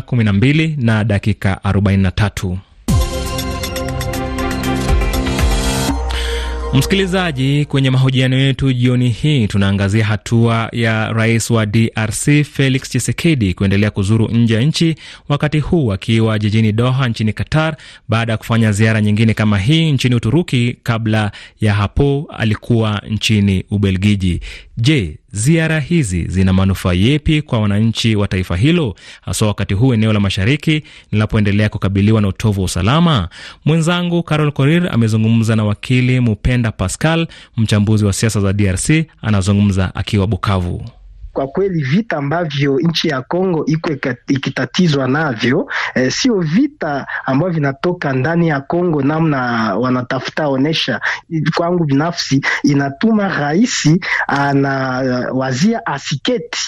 saa 12 na dakika 43. Msikilizaji, kwenye mahojiano yetu jioni hii tunaangazia hatua ya rais wa DRC Felix Tshisekedi kuendelea kuzuru nje ya nchi, wakati huu akiwa jijini Doha nchini Qatar, baada ya kufanya ziara nyingine kama hii nchini Uturuki. Kabla ya hapo alikuwa nchini Ubelgiji. Je, Ziara hizi zina manufaa yepi kwa wananchi wa taifa hilo, haswa wakati huu eneo la mashariki linapoendelea kukabiliwa na utovu wa usalama? Mwenzangu Carol Korir amezungumza na wakili Mupenda Pascal, mchambuzi wa siasa za DRC, anazungumza akiwa Bukavu kwa kweli vita ambavyo nchi ya Kongo iko ikitatizwa navyo e, sio vita ambavyo vinatoka ndani ya Kongo, namna wanatafuta onesha. Kwangu binafsi inatuma raisi anawazia eh, asiketi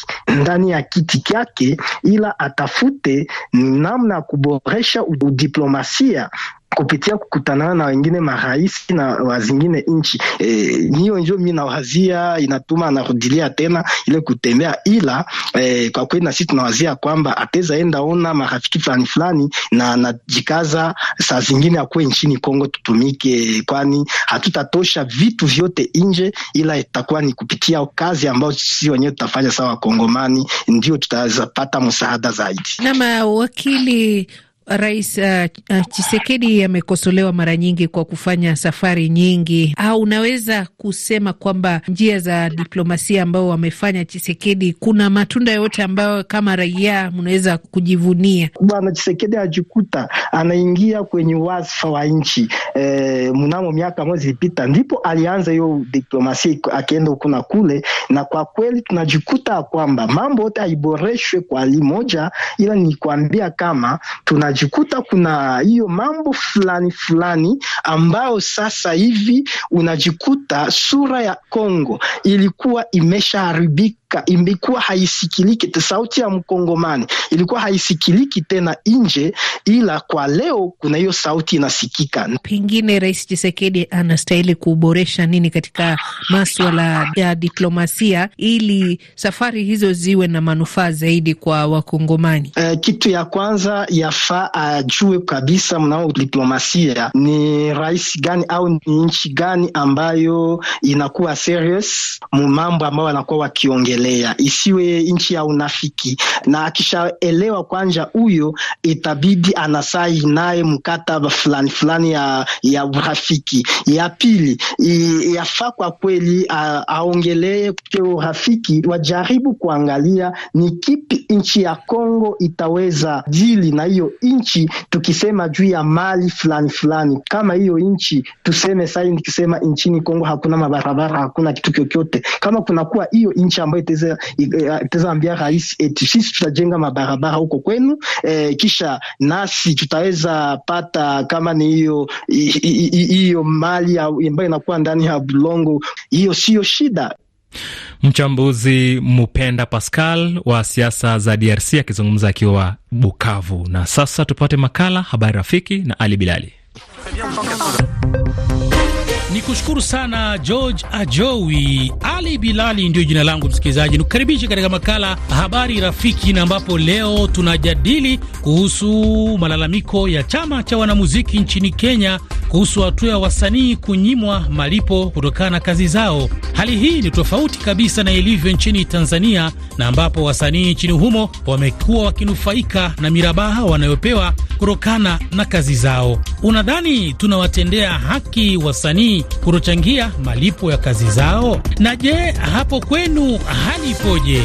ndani ya kiti kyake, ila atafute namna ya kuboresha udiplomasia kupitia kukutanana na wengine marais na wazingine nchi eh, hiyo njo mi nawazia inatuma anarudilia tena ile kutembea, ila eh, kwa kweli na sisi tunawazia kwamba ateza enda ona marafiki fulani fulani, na anajikaza saa zingine akuwe nchini Kongo tutumike, kwani hatutatosha vitu vyote nje, ila itakuwa ni kupitia kazi ambayo sisi wenyewe tutafanya sawa Kongomani, ndio tutawezapata msaada zaidi. Nama wakili Rais uh, eh, Chisekedi eh, amekosolewa mara nyingi kwa kufanya safari nyingi, au ah, unaweza kusema kwamba njia za diplomasia ambao wamefanya Chisekedi, kuna matunda yote ambayo kama raia mnaweza kujivunia? Bwana Chisekedi ajikuta anaingia kwenye wasfa wa nchi e, mnamo miaka mwezi ilipita ndipo alianza hiyo diplomasia akienda huku na kule, na kwa kweli tunajikuta kwamba mambo yote haiboreshwe kwa hali moja, ila ni kuambia kama tunaj unajikuta kuna hiyo mambo fulani fulani ambayo sasa hivi unajikuta sura ya Kongo ilikuwa imeshaharibika Afrika imekuwa haisikiliki, sauti ya mkongomani ilikuwa haisikiliki tena nje, ila kwa leo kuna hiyo sauti inasikika. Pengine Rais chisekedi anastahili kuboresha nini katika maswala ya diplomasia ili safari hizo ziwe na manufaa zaidi kwa Wakongomani? Eh, kitu ya kwanza yafaa ajue kabisa mnao diplomasia ni rais gani au ni nchi gani ambayo inakuwa serious mu mambo ambayo wanakuwa wakiongelea kuendelea, isiwe nchi ya unafiki. Na akishaelewa kwanja huyo, itabidi anasai naye mkataba fulani fulani ya, ya urafiki. Ya pili yafaa kwa kweli aongelee urafiki, wajaribu kuangalia ni kipi nchi ya Kongo itaweza jili na hiyo nchi, tukisema juu ya mali fulani fulani kama hiyo nchi tuseme sai, nikisema nchini Kongo hakuna mabarabara, hakuna kitu chochote, kama kunakuwa hiyo nchi ambayo Eh, ambia rais eti sisi tutajenga mabarabara huko kwenu eh, kisha nasi tutaweza pata kama ni hiyo hiyo mali ambayo inakuwa ndani ya bulongo, hiyo siyo shida. Mchambuzi Mupenda Pascal wa siasa za DRC akizungumza akiwa Bukavu. Na sasa tupate makala Habari Rafiki na Ali Bilali ni kushukuru sana George Ajowi. Ali Bilali ndiyo jina langu, msikilizaji, nikukaribishe katika makala Habari Rafiki, na ambapo leo tunajadili kuhusu malalamiko ya chama cha wanamuziki nchini Kenya kuhusu hatua ya wasanii kunyimwa malipo kutokana na kazi zao. Hali hii ni tofauti kabisa na ilivyo nchini Tanzania, na ambapo wasanii nchini humo wamekuwa wakinufaika na mirabaha wanayopewa kutokana na kazi zao. Unadhani tunawatendea haki wasanii kutochangia malipo ya kazi zao? Na je, hapo kwenu hali ipoje?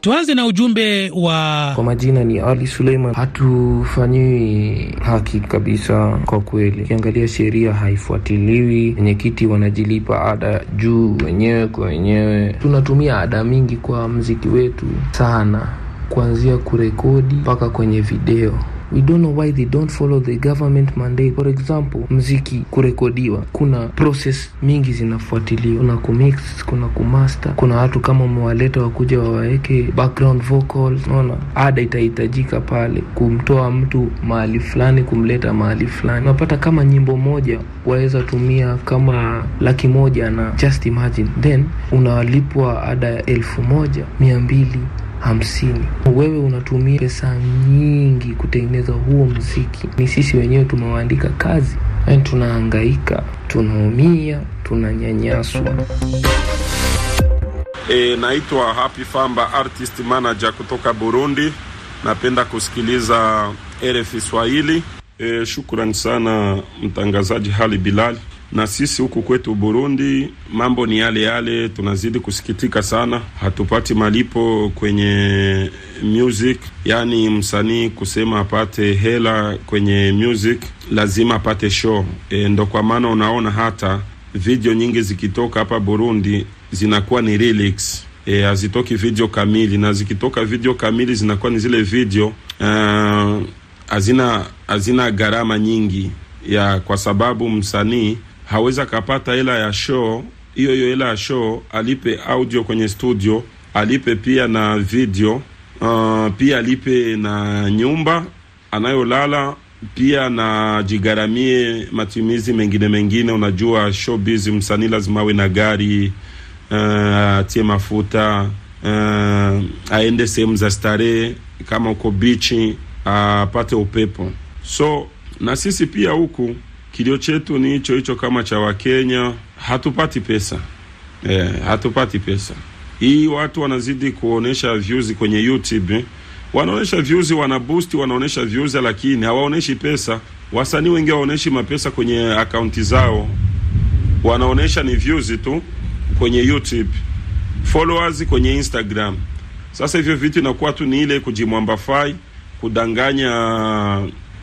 Tuanze na ujumbe wa kwa majina ni Ali Suleiman. Hatufanyiwi haki kabisa kwa kweli, ukiangalia sheria haifuatiliwi, wenyekiti wanajilipa ada juu wenyewe kwa wenyewe. Tunatumia ada mingi kwa mziki wetu sana, kuanzia kurekodi mpaka kwenye video we don't know why they don't follow the government mandate. For example, mziki kurekodiwa, kuna process mingi zinafuatiliwa, kuna kumix, kuna kumaster, kuna watu kama umewaleta wakuja waweke background vocals, unaona ada itahitajika pale kumtoa mtu mahali fulani kumleta mahali fulani. Unapata kama nyimbo moja waweza tumia kama laki moja na just imagine, then unalipwa ada ya elfu moja mia mbili hamsini. Wewe unatumia pesa nyingi kutengeneza huo mziki, ni sisi wenyewe tumewaandika kazi, yaani tunahangaika, tunaumia, tunanyanyaswa. E, naitwa Happy Famba, artist manager kutoka Burundi. Napenda kusikiliza RFI Swahili. E, shukrani sana mtangazaji Hali Bilali na sisi huku kwetu Burundi mambo ni yale yale, tunazidi kusikitika sana, hatupati malipo kwenye music. Yani msanii kusema apate hela kwenye music lazima apate show e, ndo kwa maana unaona hata video nyingi zikitoka hapa Burundi zinakuwa ni relics e, hazitoki video kamili, na zikitoka video kamili zinakuwa ni zile video e, hazina uh, hazina gharama nyingi ya kwa sababu msanii hawezi akapata hela ya show hiyo hiyo hela ya show alipe audio kwenye studio, alipe pia na video uh, pia alipe na nyumba anayolala pia na jigaramie matumizi mengine mengine. Unajua showbiz, msanii lazima awe na gari uh, atie mafuta uh, aende sehemu za starehe, kama uko bichi apate uh, upepo. So na sisi pia huku kilio chetu ni hicho hicho kama cha Wakenya, hatupati pesa eh, hatupati pesa hii. Watu wanazidi kuonesha views kwenye YouTube, eh. wanaonesha views, wana boost, wanaonesha views, lakini hawaoneshi pesa. Wasanii wengi waoneshi mapesa kwenye akaunti zao, wanaonesha ni views tu kwenye YouTube, followers kwenye Instagram. Sasa hivyo vitu inakuwa tu ni ile kujimwambafai, kudanganya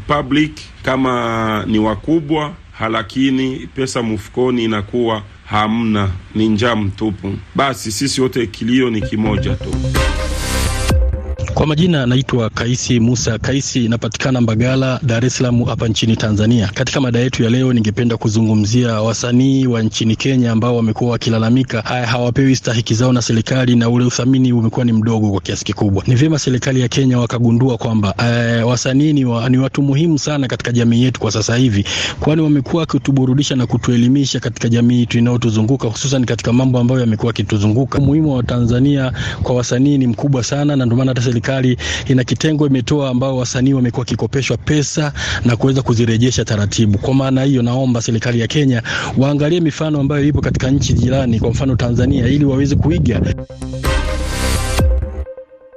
public kama ni wakubwa, halakini pesa mfukoni inakuwa hamna, ni njaa mtupu. Basi sisi wote kilio ni kimoja tu. Kwa majina naitwa Kaisi Musa Kaisi, napatikana Mbagala, Dar es Salaam hapa nchini Tanzania. Katika mada yetu ya leo, ningependa kuzungumzia wasanii wa nchini Kenya ambao wamekuwa wakilalamika haya hawapewi stahiki zao na serikali na ule uthamini umekuwa ni mdogo kwa kiasi kikubwa. Ni vyema serikali ya Kenya wakagundua kwamba e, wasanii ni, wa, ni watu muhimu sana katika jamii yetu kwa sasa hivi, kwani wamekuwa wakituburudisha na kutuelimisha katika jamii inayotuzunguka hususan katika mambo ambayo yamekuwa yakituzunguka. Umuhimu wa Tanzania kwa wasanii ni mkubwa sana na ndio maana hata serikali serikali ina kitengo imetoa ambao wasanii wamekuwa wakikopeshwa pesa na kuweza kuzirejesha taratibu. Kwa maana hiyo, naomba serikali ya Kenya waangalie mifano ambayo ipo katika nchi jirani, kwa mfano Tanzania, ili waweze kuiga.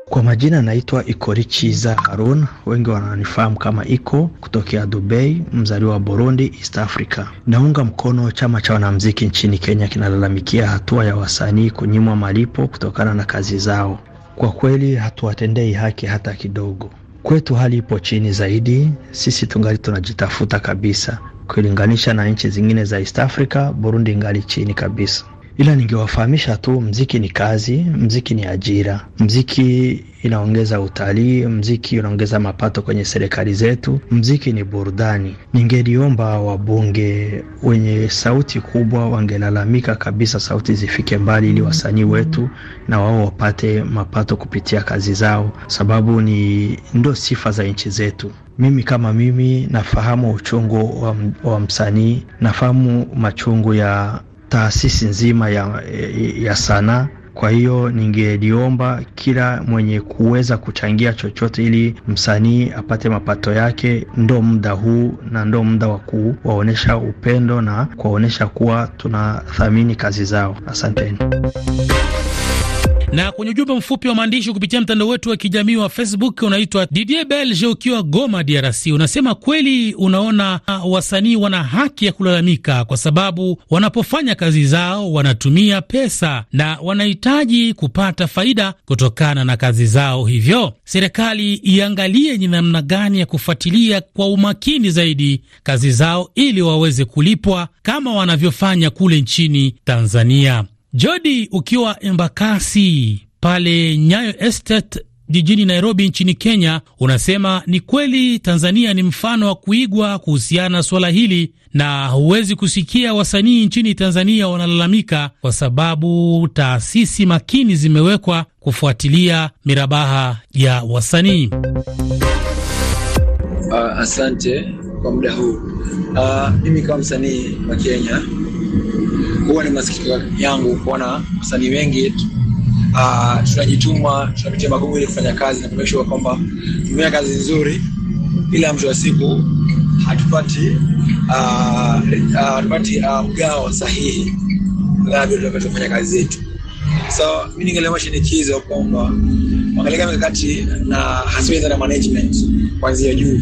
Kwa majina naitwa Ikorichi za Harun, wengi wananifahamu kama Iko, kutokea Dubai, mzaliwa wa Burundi, East Africa. Naunga mkono chama cha wanamuziki nchini Kenya kinalalamikia hatua ya wasanii kunyimwa malipo kutokana na kazi zao. Kwa kweli hatuwatendei haki hata kidogo. Kwetu hali ipo chini zaidi, sisi tungali tunajitafuta kabisa, kulinganisha na nchi zingine za East Africa. Burundi ingali chini kabisa ila ningewafahamisha tu mziki ni kazi, mziki ni ajira, mziki inaongeza utalii, mziki unaongeza mapato kwenye serikali zetu, mziki ni burudani. Ningeliomba wabunge wenye sauti kubwa wangelalamika kabisa, sauti zifike mbali, ili wasanii wetu na wao wapate mapato kupitia kazi zao, sababu ni ndo sifa za nchi zetu. Mimi kama mimi nafahamu uchungu wa, wa msanii, nafahamu machungu ya taasisi nzima ya, ya sanaa. Kwa hiyo ningeliomba kila mwenye kuweza kuchangia chochote ili msanii apate mapato yake, ndo muda huu na ndo muda wa kuwaonyesha upendo na kuwaonyesha kuwa tunathamini kazi zao. Asanteni. Na kwenye ujumbe mfupi wa maandishi kupitia mtandao wetu wa kijamii wa Facebook, unaitwa Didier Belge ukiwa Goma, DRC, unasema kweli, unaona uh, wasanii wana haki ya kulalamika kwa sababu wanapofanya kazi zao wanatumia pesa na wanahitaji kupata faida kutokana na kazi zao, hivyo serikali iangalie ni namna gani ya kufuatilia kwa umakini zaidi kazi zao ili waweze kulipwa kama wanavyofanya kule nchini Tanzania. Jodi, ukiwa Embakasi pale Nyayo Estate jijini Nairobi nchini Kenya, unasema ni kweli Tanzania ni mfano wa kuigwa kuhusiana na suala hili, na huwezi kusikia wasanii nchini Tanzania wanalalamika kwa sababu taasisi makini zimewekwa kufuatilia mirabaha ya wasanii. Uh, asante kwa muda huu. Uh, mimi kama msanii wa Kenya huwa ni masikitiko yangu kuona wasanii wengi uh, tunajituma tunapitia magumu ili kufanya kazi na kumekishua kwamba tumefanya kazi nzuri, ila mwisho wa siku hatupati uh, uh, hatupati mgao uh, sahihi labda vile tunavyofanya kazi zetu. So mimi ningelema shinikizo kwamba wangaleka mikakati na hasa na management kuanzia juu,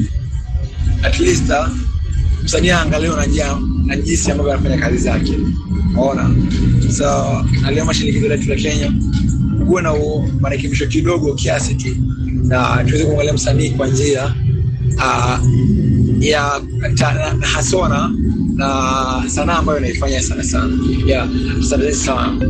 at least msanii angalia na jinsi ambavyo anafanya kazi zake. Unaona? So naliomba shirikisho letu la Kenya kuwe na marekebisho kidogo kiasi tu, na tuweze kuangalia msanii kwa njia uh, ya hasona na sanaa ambayo inaifanya sana sana. Yeah, asante sana.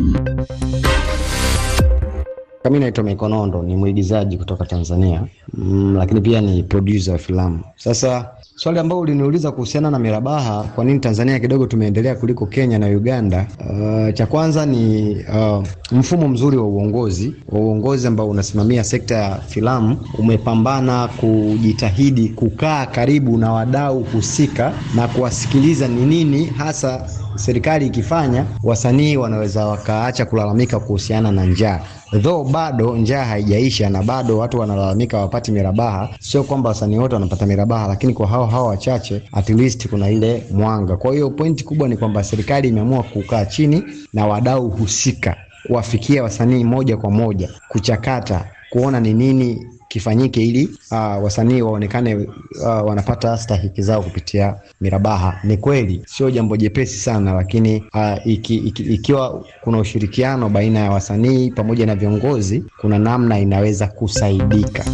Mimi naitwa Mikonondo, ni mwigizaji kutoka Tanzania mm, lakini pia ni producer wa filamu. Sasa Swali ambalo uliniuliza kuhusiana na mirabaha, kwa nini Tanzania kidogo tumeendelea kuliko Kenya na Uganda? Uh, cha kwanza ni uh, mfumo mzuri wa uongozi wa uongozi ambao unasimamia sekta ya filamu umepambana kujitahidi kukaa karibu na wadau husika na kuwasikiliza ni nini hasa serikali ikifanya, wasanii wanaweza wakaacha kulalamika kuhusiana na njaa though bado njaa haijaisha na bado watu wanalalamika wapati mirabaha. Sio kwamba wasanii wote wanapata mirabaha, lakini kwa hao hao wachache at least kuna ile mwanga. Kwa hiyo pointi kubwa ni kwamba serikali imeamua kukaa chini na wadau husika, kuwafikia wasanii moja kwa moja, kuchakata, kuona ni nini kifanyike ili uh, wasanii waonekane uh, wanapata stahiki zao kupitia mirabaha. Ni kweli sio jambo jepesi sana, lakini uh, iki, iki, ikiwa kuna ushirikiano baina ya wasanii pamoja na viongozi, kuna namna inaweza kusaidika.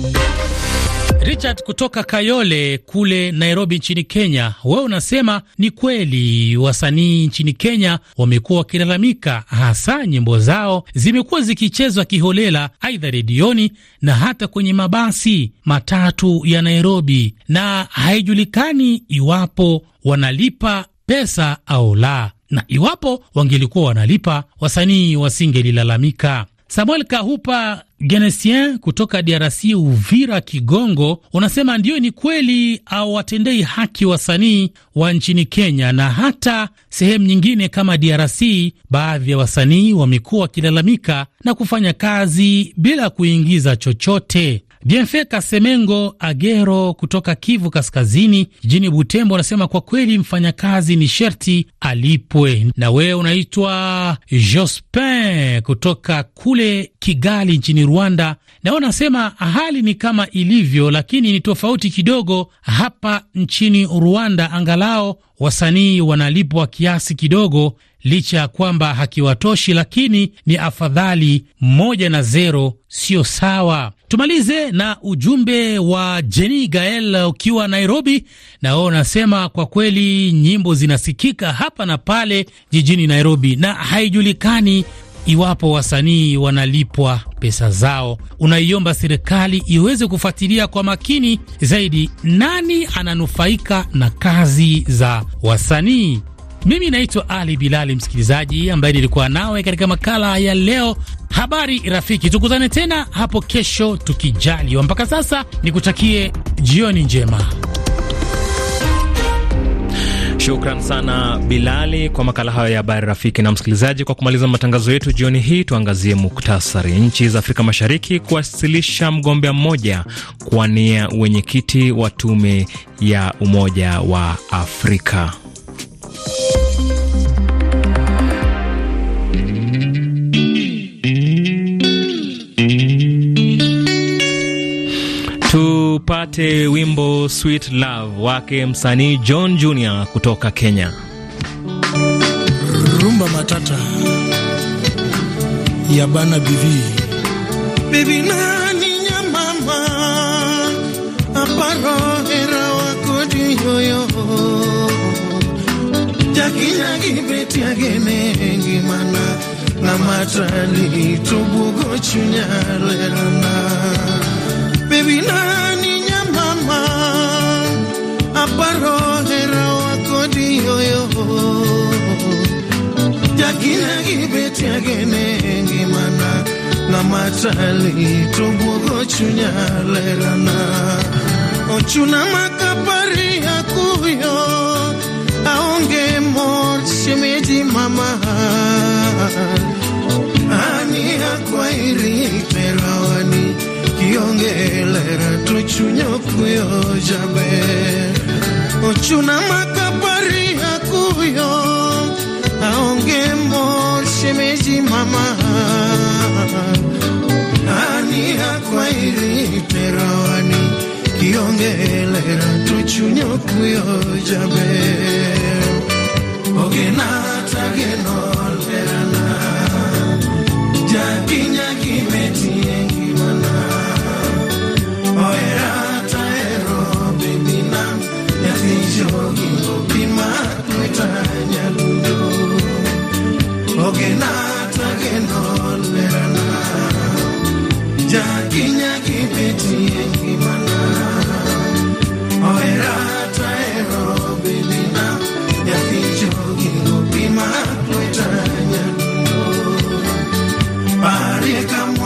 Richard kutoka Kayole kule Nairobi nchini Kenya, wewe unasema ni kweli wasanii nchini Kenya wamekuwa wakilalamika, hasa nyimbo zao zimekuwa zikichezwa kiholela, aidha redioni na hata kwenye mabasi matatu ya Nairobi, na haijulikani iwapo wanalipa pesa au la, na iwapo wangelikuwa wanalipa wasanii wasingelilalamika. Samuel Kahupa Genesien kutoka DRC Uvira Kigongo unasema ndiyo, ni kweli hawatendei haki wasanii wa nchini Kenya na hata sehemu nyingine kama DRC. Baadhi ya wasanii wamekuwa wakilalamika na kufanya kazi bila kuingiza chochote. Bienfe Semengo Agero kutoka Kivu Kaskazini jijini Butembo anasema kwa kweli mfanyakazi ni sherti alipwe. Na wewe unaitwa Jospin kutoka kule Kigali nchini Rwanda, nao unasema hali ni kama ilivyo, lakini ni tofauti kidogo hapa nchini Rwanda, angalao wasanii wanalipwa kiasi kidogo licha ya kwamba hakiwatoshi, lakini ni afadhali moja na zero, sio sawa. Tumalize na ujumbe wa Jeni Gael ukiwa Nairobi, na wao unasema kwa kweli nyimbo zinasikika hapa na pale jijini Nairobi na haijulikani iwapo wasanii wanalipwa pesa zao. Unaiomba serikali iweze kufuatilia kwa makini zaidi nani ananufaika na kazi za wasanii. Mimi naitwa Ali Bilali, msikilizaji ambaye nilikuwa nawe katika makala ya leo habari rafiki. Tukutane tena hapo kesho tukijaliwa. Mpaka sasa nikutakie jioni njema. Shukran sana Bilali kwa makala hayo ya habari rafiki. Na msikilizaji, kwa kumaliza matangazo yetu jioni hii, tuangazie muktasari. Nchi za Afrika Mashariki kuwasilisha mgombea mmoja kuwania wenyekiti wa tume ya Umoja wa Afrika. tupate wimbo Sweet Love wake msanii John Junior kutoka Kenya. Rumba matata ya bana bibi bibi nani nya mama aparo hera wakodi yoyo jakinyagi betiagenengi mana na matali tubugo chunyarelana bibi nani parole rao akodiyo yo jagina gibeti agene ngimana namatali tobwogo chunya lerana ochuna makapari akuyo aonge mor shemeji mama ani akwairi perawani kiongelera tochunyo kuyo jaber ochuna makapari akuyo aongembo shemeji mama nani akwairi perawani kiongelera tuchunyo kuyo jabe ogena tageno Here come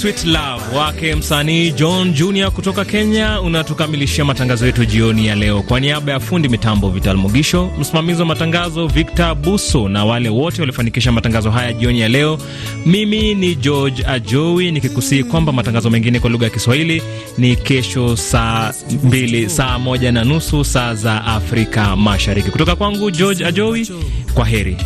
Sweet Love wake msanii John Junior kutoka Kenya unatukamilishia matangazo yetu jioni ya leo. Kwa niaba ya fundi mitambo Vital Mugisho, msimamizi wa matangazo Victor Buso na wale wote waliofanikisha matangazo haya jioni ya leo, mimi ni George Ajowi nikikusihi kwamba matangazo mengine kwa lugha ya Kiswahili ni kesho saa mbili, saa moja na nusu saa za Afrika Mashariki. Kutoka kwangu George Ajowi, kwa heri.